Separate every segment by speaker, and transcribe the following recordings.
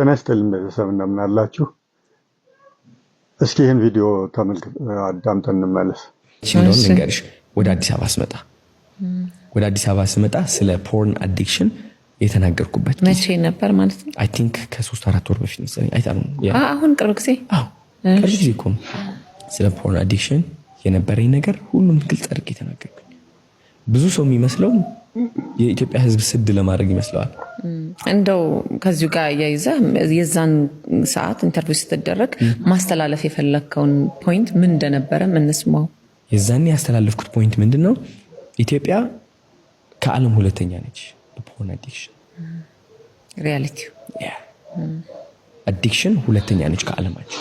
Speaker 1: ጤና ይስጥልኝ ቤተሰብ እንደምናላችሁ። እስኪ ይህን ቪዲዮ ተመልክት አዳምጠን እንመለስ።
Speaker 2: ንገርሽ ወደ አዲስ አበባ ስመጣ ወደ አዲስ አበባ ስመጣ ስለ ፖርን አዲክሽን የተናገርኩበት
Speaker 3: መቼ ነበር ማለት ነው?
Speaker 2: አይ ቲንክ ከሶስት አራት ወር በፊት መሰለኝ። አሁን ቅርብ ጊዜ ቅርብ ጊዜ እኮ ስለ ፖርን አዲክሽን የነበረኝ ነገር ሁሉም ግልጽ አድርጌ የተናገርኩኝ። ብዙ ሰው የሚመስለው የኢትዮጵያ ሕዝብ ስድ ለማድረግ ይመስለዋል
Speaker 3: እንደው ከዚሁ ጋር እያይዘ የዛን ሰዓት ኢንተርቪው ስትደረግ ማስተላለፍ የፈለግከውን ፖይንት ምን እንደነበረ ምንስማው
Speaker 2: የዛን ያስተላለፍኩት ፖይንት ምንድን ነው? ኢትዮጵያ ከዓለም ሁለተኛ ነች በፖርን አዲክሽን ሪያሊቲ አዲክሽን ሁለተኛ ነች ከዓለማችን።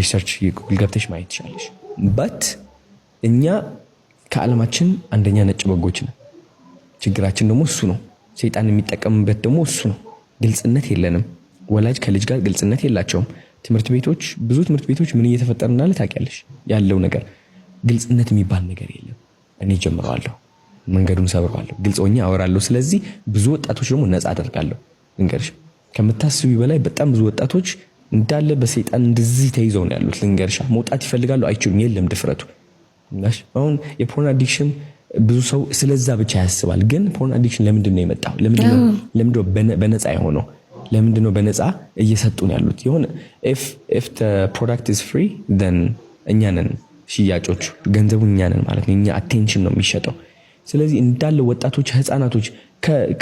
Speaker 2: ሪሰርች የጉግል ገብተሽ ማየት ትችላለሽ። በት እኛ ከዓለማችን አንደኛ ነጭ በጎች ነን። ችግራችን ደግሞ እሱ ነው። ሰይጣን የሚጠቀምበት ደግሞ እሱ ነው። ግልጽነት የለንም። ወላጅ ከልጅ ጋር ግልጽነት የላቸውም። ትምህርት ቤቶች፣ ብዙ ትምህርት ቤቶች ምን እየተፈጠረ እንዳለ ታውቂያለሽ። ያለው ነገር ግልጽነት የሚባል ነገር የለም። እኔ ጀምረዋለሁ፣ መንገዱን ሰብረዋለሁ፣ ግልጽ ሆኜ አወራለሁ። ስለዚህ ብዙ ወጣቶች ደግሞ ነፃ አደርጋለሁ። ልንገርሽ፣ ከምታስቢ በላይ በጣም ብዙ ወጣቶች እንዳለ በሰይጣን እንደዚህ ተይዘው ነው ያሉት። ልንገርሻ፣ መውጣት ይፈልጋሉ፣ አይችሉም፣ የለም ድፍረቱ። አሁን የፖርን አዲክሽን ብዙ ሰው ስለዛ ብቻ ያስባል። ግን ፖርን አዲክሽን ለምንድን ነው የመጣው? ለምንድን በነፃ የሆነው? ለምንድነው ነው በነፃ እየሰጡን ያሉት? የሆነ ኢፍ ፕሮዳክት ኢዝ ፍሪ ን እኛንን ሽያጮች፣ ገንዘቡ እኛንን ማለት ነው። እኛ አቴንሽን ነው የሚሸጠው። ስለዚህ እንዳለ ወጣቶች፣ ህፃናቶች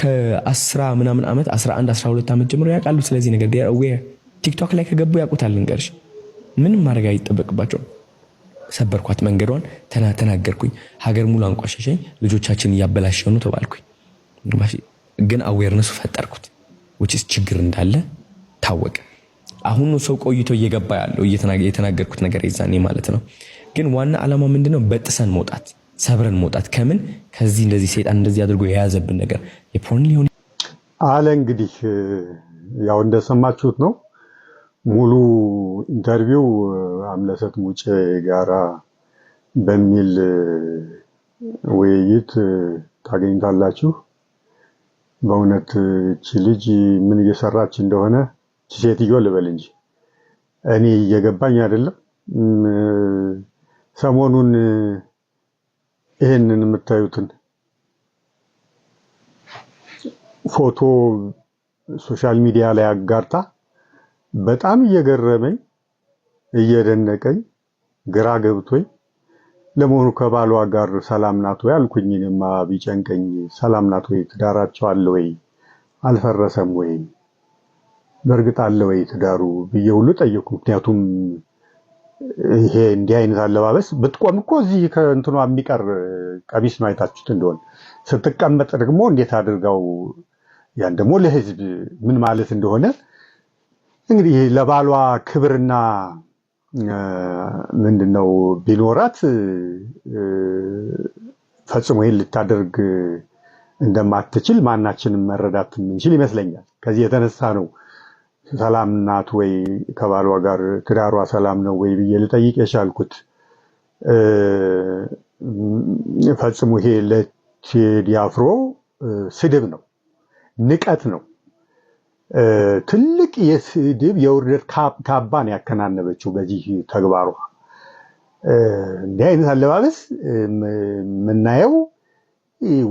Speaker 2: ከአስራ ምናምን ዓመት 11 12 ዓመት ጀምሮ ያውቃሉ ስለዚህ ነገር ቲክቶክ ላይ ከገቡ ያውቁታል። ልንገርሽ ምንም ማድረግ አይጠበቅባቸውም። ሰበርኳት መንገዷን ተናገርኩኝ። ሀገር ሙሉ አንቋሸሸኝ። ልጆቻችን እያበላሸ ነው ተባልኩኝ። ግን አዌርነሱ ፈጠርኩት ውጭስ ችግር እንዳለ ታወቀ። አሁን ሰው ቆይቶ እየገባ ያለው የተናገርኩት ነገር የዛኔ ማለት ነው። ግን ዋና ዓላማ ምንድነው? በጥሰን መውጣት፣ ሰብረን መውጣት ከምን ከዚህ እንደዚህ ሰይጣን እንደዚህ አድርጎ የያዘብን ነገር የፖርን ሊሆን
Speaker 1: አለ። እንግዲህ ያው እንደሰማችሁት ነው ሙሉ ኢንተርቪው አምለሰት ሙጬ ጋራ በሚል ውይይት ታገኝታላችሁ። በእውነት እቺ ልጅ ምን እየሰራች እንደሆነ ሴትዮ ልበል እንጂ እኔ እየገባኝ አይደለም። ሰሞኑን ይሄንን የምታዩትን ፎቶ ሶሻል ሚዲያ ላይ አጋርታ በጣም እየገረመኝ እየደነቀኝ ግራ ገብቶኝ ለመሆኑ ከባሏ ጋር ሰላም ናት ወይ አልኩኝ። እኔማ ቢጨንቀኝ ሰላም ናት ወይ ትዳራቸው አለ ወይ አልፈረሰም ወይ በእርግጥ አለ ወይ ትዳሩ ብዬ ሁሉ ጠየቅኩ። ምክንያቱም ይሄ እንዲህ አይነት አለባበስ ብትቆም እኮ እዚህ ከእንትኗ የሚቀር ቀሚስ ነው አይታችሁት እንደሆን ስትቀመጥ ደግሞ እንዴት አድርጋው ያን ደግሞ ለህዝብ ምን ማለት እንደሆነ እንግዲህ ለባሏ ክብርና ምንድን ነው ቢኖራት ፈጽሞ ይህን ልታደርግ እንደማትችል ማናችንም መረዳት የምንችል ይመስለኛል። ከዚህ የተነሳ ነው ሰላም ናት ወይ ከባሏ ጋር ትዳሯ ሰላም ነው ወይ ብዬ ልጠይቅ የቻልኩት። ፈጽሞ ይሄ ለቴዲ አፍሮ ስድብ ነው፣ ንቀት ነው። ትልቅ የስድብ የውርደት ካባን ያከናነበችው በዚህ ተግባሯ። እንዲህ አይነት አለባበስ የምናየው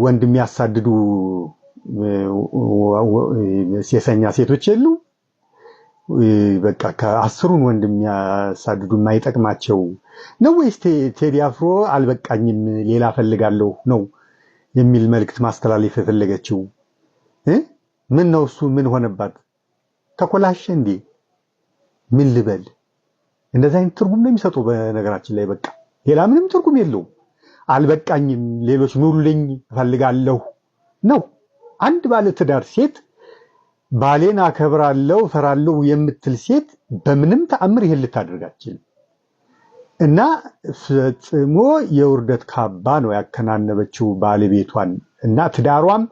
Speaker 1: ወንድ የሚያሳድዱ ሴሰኛ ሴቶች የሉ። በቃ ከአስሩን ወንድ የሚያሳድዱ የማይጠቅማቸው ነው ወይስ ቴዲ አፍሮ አልበቃኝም ሌላ ፈልጋለሁ ነው የሚል መልእክት ማስተላለፍ የፈለገችው? ምን ነው እሱ ምን ሆነባት? ተኮላሸ እንዴ? ምን ልበል? እንደዚህ አይነት ትርጉም ነው የሚሰጡ። በነገራችን ላይ በቃ ሌላ ምንም ትርጉም የለውም። አልበቃኝም፣ ሌሎች ኑሩልኝ፣ እፈልጋለሁ ነው። አንድ ባለ ትዳር ሴት ባሌን አከብራለሁ፣ እፈራለሁ የምትል ሴት በምንም ተአምር ይሄን ልታደርግ እና ፈጽሞ የውርደት ካባ ነው ያከናነበችው ባለቤቷን እና ትዳሯም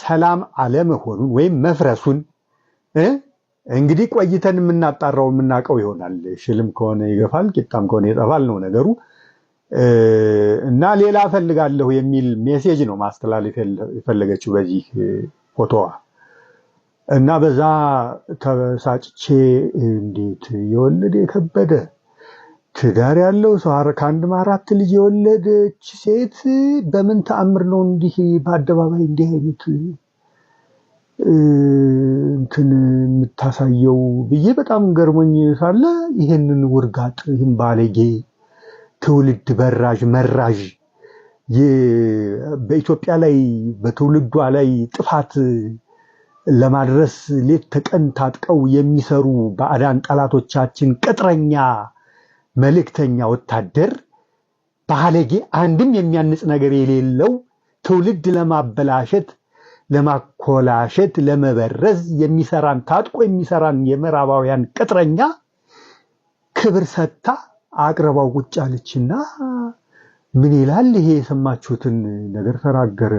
Speaker 1: ሰላም አለመሆኑን ወይም መፍረሱን እንግዲህ ቆይተን የምናጣራው የምናውቀው ይሆናል። ሽልም ከሆነ ይገፋል፣ ቂጣም ከሆነ ይጠፋል ነው ነገሩ። እና ሌላ እፈልጋለሁ የሚል ሜሴጅ ነው ማስተላለፍ የፈለገችው በዚህ ፎቶዋ። እና በዛ ተበሳጭቼ እንዴት የወለደ የከበደ ትዳር ያለው ሰው ከአንድ አራት ልጅ የወለደች ሴት በምን ተአምር ነው እንዲህ በአደባባይ እንዲህ አይነት እንትን የምታሳየው ብዬ በጣም ገርሞኝ ሳለ ይህንን ውርጋጥ ይህን ባለጌ ትውልድ በራዥ መራዥ በኢትዮጵያ ላይ በትውልዷ ላይ ጥፋት ለማድረስ ሌት ተቀን ታጥቀው የሚሰሩ በአዳን ጠላቶቻችን ቅጥረኛ መልእክተኛ ወታደር በሐለጌ አንድም የሚያንጽ ነገር የሌለው ትውልድ ለማበላሸት፣ ለማኮላሸት፣ ለመበረዝ የሚሰራን ታጥቆ የሚሰራን የምዕራባውያን ቅጥረኛ ክብር ሰጥታ አቅርባው ቁጭ አለችና ምን ይላል ይሄ የሰማችሁትን ነገር ተናገረ።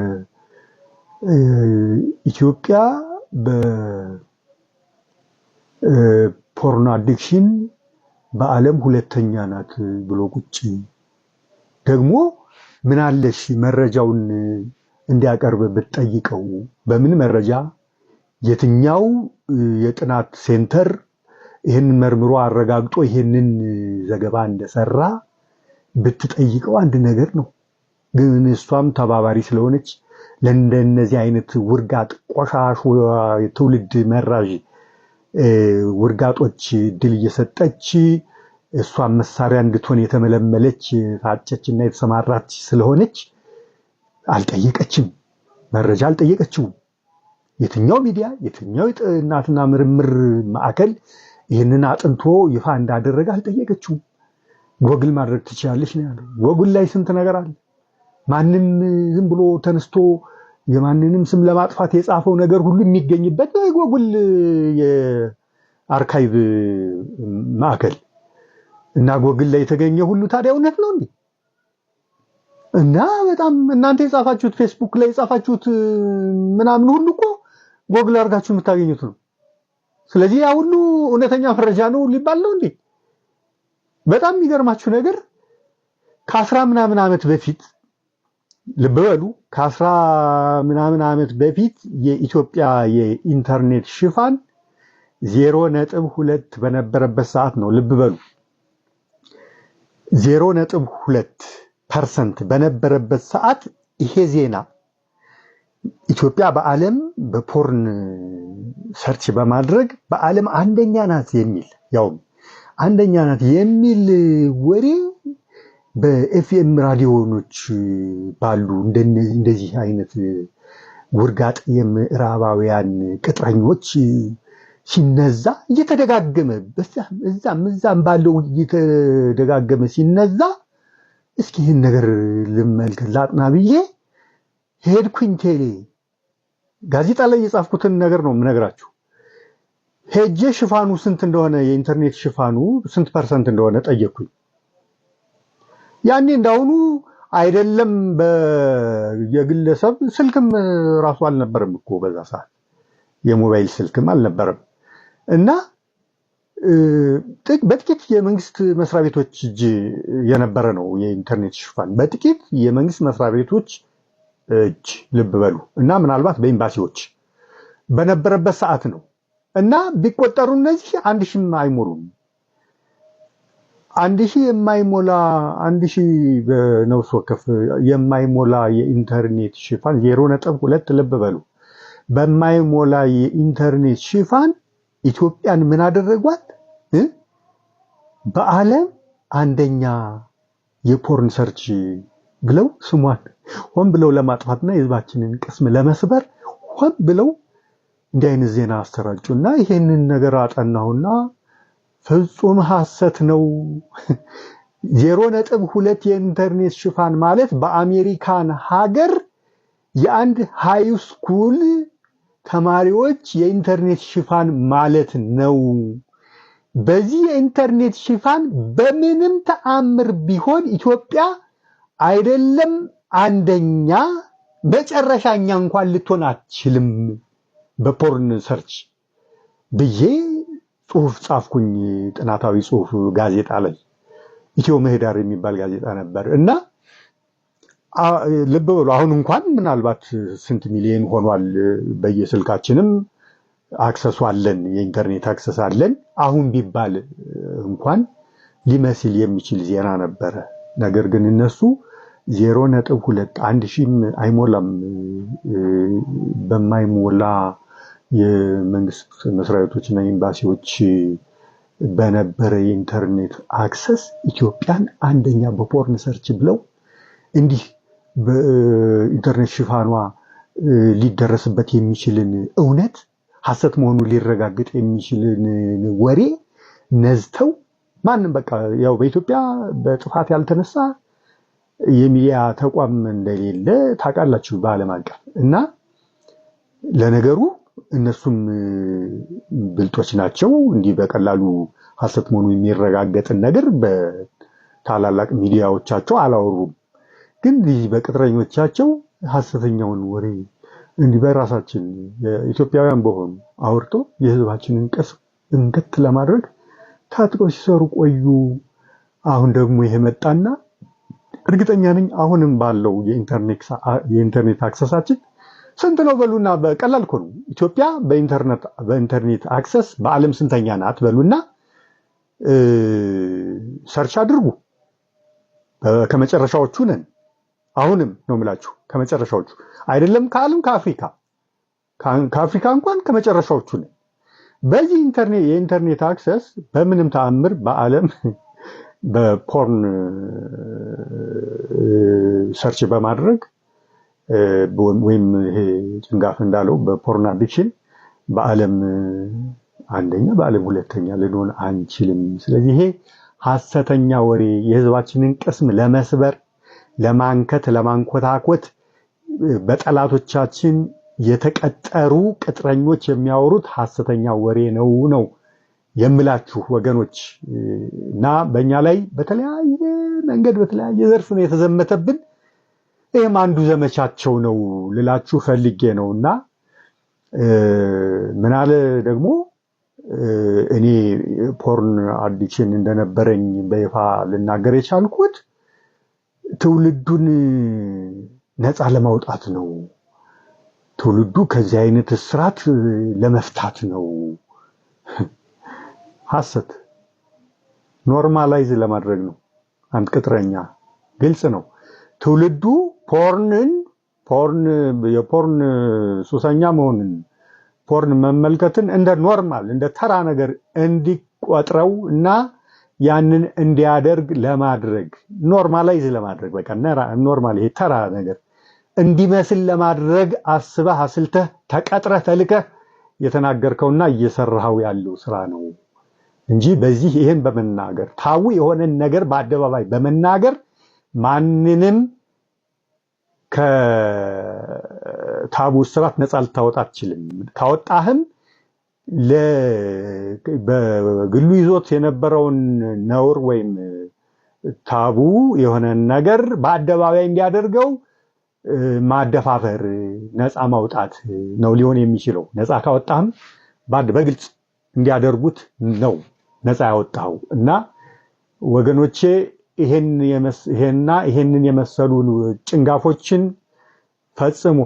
Speaker 1: ኢትዮጵያ በፖርኖ አዲክሽን በዓለም ሁለተኛ ናት ብሎ ቁጭ ደግሞ ምን አለሽ መረጃውን እንዲያቀርብ ብትጠይቀው በምን መረጃ የትኛው የጥናት ሴንተር ይህን መርምሮ አረጋግጦ ይህንን ዘገባ እንደሰራ ብትጠይቀው አንድ ነገር ነው። ግን እሷም ተባባሪ ስለሆነች ለእንደነዚህ አይነት ውርጋጥ ቆሻሽ ትውልድ መራዥ ውርጋጦች ድል እየሰጠች እሷን መሳሪያ እንድትሆን የተመለመለች ታጨች እና የተሰማራች ስለሆነች አልጠየቀችም። መረጃ አልጠየቀችውም። የትኛው ሚዲያ የትኛው የጥናትና ምርምር ማዕከል ይህንን አጥንቶ ይፋ እንዳደረገ አልጠየቀችውም። ጎግል ማድረግ ትችላለች ነው ያለው። ጎግል ላይ ስንት ነገር አለ። ማንም ዝም ብሎ ተነስቶ የማንንም ስም ለማጥፋት የጻፈው ነገር ሁሉ የሚገኝበት በጎግል የአርካይቭ ማዕከል እና ጎግል ላይ የተገኘ ሁሉ ታዲያ እውነት ነው እንዴ? እና በጣም እናንተ የጻፋችሁት ፌስቡክ ላይ የጻፋችሁት ምናምን ሁሉ እኮ ጎግል አድርጋችሁ የምታገኙት ነው። ስለዚህ ያ ሁሉ እውነተኛ መረጃ ነው ሊባል ነው እንዴ? በጣም የሚገርማችሁ ነገር ከአስራ ምናምን ዓመት በፊት ልብ በሉ ከአስራ ምናምን ዓመት በፊት የኢትዮጵያ የኢንተርኔት ሽፋን ዜሮ ነጥብ ሁለት በነበረበት ሰዓት ነው። ልብ በሉ ዜሮ ነጥብ ሁለት ፐርሰንት በነበረበት ሰዓት ይሄ ዜና ኢትዮጵያ በዓለም በፖርን ሰርች በማድረግ በዓለም አንደኛ ናት የሚል ያውም አንደኛ ናት የሚል ወሬ በኤፍኤም ራዲዮኖች ባሉ እንደዚህ አይነት ውርጋጥ የምዕራባውያን ቅጥረኞች ሲነዛ እየተደጋገመ እዛም እዛም ባለው እየተደጋገመ ሲነዛ እስኪ ይህን ነገር ልመልከት ላጥና ብዬ ሄድኩኝ። ቴሌ ጋዜጣ ላይ የጻፍኩትን ነገር ነው የምነግራችሁ። ሄጄ ሽፋኑ ስንት እንደሆነ የኢንተርኔት ሽፋኑ ስንት ፐርሰንት እንደሆነ ጠየኩኝ? ያኔ እንዳሁኑ አይደለም የግለሰብ ስልክም ራሱ አልነበረም እኮ በዛ ሰዓት የሞባይል ስልክም አልነበረም እና በጥቂት የመንግስት መስሪያ ቤቶች እጅ የነበረ ነው የኢንተርኔት ሽፋን፣ በጥቂት የመንግስት መስሪያ ቤቶች እጅ ልብ በሉ እና ምናልባት በኤምባሲዎች በነበረበት ሰዓት ነው እና ቢቆጠሩ እነዚህ አንድ ሺህም አይሞሉም። አንድ ሺህ የማይሞላ አንድ ሺህ በነፍስ ወከፍ የማይሞላ የኢንተርኔት ሽፋን ዜሮ ነጥብ ሁለት ልብ በሉ በማይሞላ የኢንተርኔት ሽፋን ኢትዮጵያን ምን አደረጓት? በዓለም አንደኛ የፖርን ሰርች ብለው ስሟን ሆን ብለው ለማጥፋትና የህዝባችንን ቅስም ለመስበር ሆን ብለው እንዲህ አይነት ዜና አሰራጩ እና ይሄንን ነገር አጠናሁና ፍጹም ሐሰት ነው። ዜሮ ነጥብ ሁለት የኢንተርኔት ሽፋን ማለት በአሜሪካን ሀገር የአንድ ሃይ ስኩል ተማሪዎች የኢንተርኔት ሽፋን ማለት ነው። በዚህ የኢንተርኔት ሽፋን በምንም ተአምር ቢሆን ኢትዮጵያ አይደለም አንደኛ መጨረሻኛ እንኳን ልትሆን አትችልም በፖርን ሰርች ብዬ ጽሁፍ ጻፍኩኝ። ጥናታዊ ጽሁፍ ጋዜጣ ላይ ኢትዮ ምህዳር የሚባል ጋዜጣ ነበር እና ልብ በሉ አሁን እንኳን ምናልባት ስንት ሚሊዮን ሆኗል። በየስልካችንም አክሰሱ አለን፣ የኢንተርኔት አክሰስ አለን። አሁን ቢባል እንኳን ሊመስል የሚችል ዜና ነበረ። ነገር ግን እነሱ ዜሮ ነጥብ ሁለት አንድ ሺህም አይሞላም በማይሞላ የመንግስት መስሪያ ቤቶችና ኤምባሲዎች በነበረ የኢንተርኔት አክሰስ ኢትዮጵያን አንደኛ በፖርን ሰርች ብለው እንዲህ በኢንተርኔት ሽፋኗ ሊደረስበት የሚችልን እውነት ሀሰት መሆኑን ሊረጋግጥ የሚችልን ወሬ ነዝተው ማንም በቃ ያው በኢትዮጵያ በጥፋት ያልተነሳ የሚዲያ ተቋም እንደሌለ ታውቃላችሁ በዓለም አቀፍ እና ለነገሩ እነሱም ብልጦች ናቸው። እንዲህ በቀላሉ ሀሰት መሆኑ የሚረጋገጥን ነገር በታላላቅ ሚዲያዎቻቸው አላወሩም። ግን ይህ በቅጥረኞቻቸው ሀሰተኛውን ወሬ እንዲህ በራሳችን ኢትዮጵያውያን በሆኑ አውርቶ የህዝባችንን ቀስ እንከት ለማድረግ ታጥቆ ሲሰሩ ቆዩ። አሁን ደግሞ ይሄ መጣና እርግጠኛ ነኝ አሁንም ባለው የኢንተርኔት አክሰሳችን ስንት ነው በሉና፣ በቀላል ኮኑ ኢትዮጵያ በኢንተርኔት አክሰስ በዓለም ስንተኛ ናት በሉና ሰርች አድርጉ። ከመጨረሻዎቹ ነን። አሁንም ነው የምላችሁ ከመጨረሻዎቹ አይደለም ከዓለም ከአፍሪካ ከአፍሪካ እንኳን ከመጨረሻዎቹ ነን። በዚህ ኢንተርኔት የኢንተርኔት አክሰስ በምንም ተአምር በዓለም በፖርን ሰርች በማድረግ ወይም ይሄ ጭንጋፍ እንዳለው በፖርን አዲክሽን በአለም አንደኛ በአለም ሁለተኛ ልንሆን አንችልም። ስለዚህ ይሄ ሀሰተኛ ወሬ የህዝባችንን ቅስም ለመስበር፣ ለማንከት፣ ለማንኮታኮት በጠላቶቻችን የተቀጠሩ ቅጥረኞች የሚያወሩት ሀሰተኛ ወሬ ነው ነው የምላችሁ ወገኖች እና በእኛ ላይ በተለያየ መንገድ በተለያየ ዘርፍ ነው የተዘመተብን። ይህም አንዱ ዘመቻቸው ነው ልላችሁ ፈልጌ ነው እና ምናለ ደግሞ እኔ ፖርን አዲችን እንደነበረኝ በይፋ ልናገር የቻልኩት ትውልዱን ነፃ ለማውጣት ነው። ትውልዱ ከዚህ አይነት እስራት ለመፍታት ነው። ሀሰት ኖርማላይዝ ለማድረግ ነው። አንድ ቅጥረኛ ግልጽ ነው። ትውልዱ ፖርንን ፖርን የፖርን ሱሰኛ መሆንን ፖርን መመልከትን እንደ ኖርማል እንደ ተራ ነገር እንዲቆጥረው እና ያንን እንዲያደርግ ለማድረግ ኖርማላይዝ ለማድረግ በቃ ኖርማል ይሄ ተራ ነገር እንዲመስል ለማድረግ አስበህ አስልተህ ተቀጥረህ ተልከህ የተናገርከውና እየሰራኸው ያለው ስራ ነው እንጂ በዚህ ይህን በመናገር ታዊ የሆነን ነገር በአደባባይ በመናገር ማንንም ከታቡ ስራት ነፃ ልታወጣ አትችልም። ካወጣህም በግሉ ይዞት የነበረውን ነውር ወይም ታቡ የሆነ ነገር በአደባባይ እንዲያደርገው ማደፋፈር፣ ነፃ ማውጣት ነው ሊሆን የሚችለው። ነፃ ካወጣህም በግልጽ እንዲያደርጉት ነው ነፃ ያወጣው እና ወገኖቼ ይሄና ይሄንን የመሰሉ ጭንጋፎችን ፈጽሞ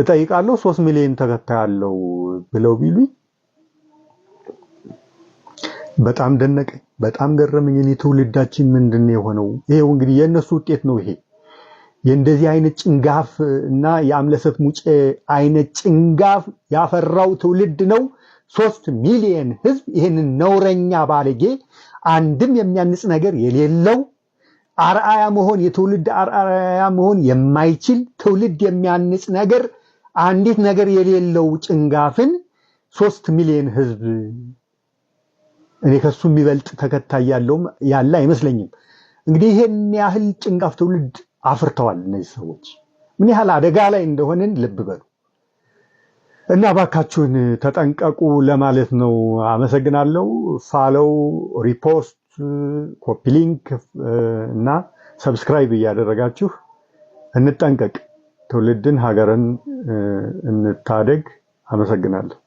Speaker 1: እጠይቃለሁ ሶስት ሚሊዮን ተከታይ አለው ብለው ቢሉኝ በጣም ደነቀኝ፣ በጣም ገረመኝ። እኔ ትውልዳችን ምንድን የሆነው? ይሄው እንግዲህ የእነሱ ውጤት ነው። ይሄ የእንደዚህ አይነት ጭንጋፍ እና የአምለሰት ሙጬ አይነት ጭንጋፍ ያፈራው ትውልድ ነው። ሶስት ሚሊየን ህዝብ ይህንን ነውረኛ ባለጌ አንድም የሚያንጽ ነገር የሌለው አርአያ መሆን የትውልድ አርአያ መሆን የማይችል ትውልድ የሚያንጽ ነገር አንዲት ነገር የሌለው ጭንጋፍን ሶስት ሚሊዮን ህዝብ እኔ ከሱ የሚበልጥ ተከታይ ያለውም ያለ አይመስለኝም። እንግዲህ ይሄን ያህል ጭንጋፍ ትውልድ አፍርተዋል እነዚህ ሰዎች። ምን ያህል አደጋ ላይ እንደሆንን ልብ በሉ። እና ባካችሁን ተጠንቀቁ ለማለት ነው። አመሰግናለሁ። ፋለው፣ ሪፖስት፣ ኮፒ ሊንክ እና ሰብስክራይብ እያደረጋችሁ እንጠንቀቅ፣ ትውልድን ሀገርን እንታደግ። አመሰግናለሁ።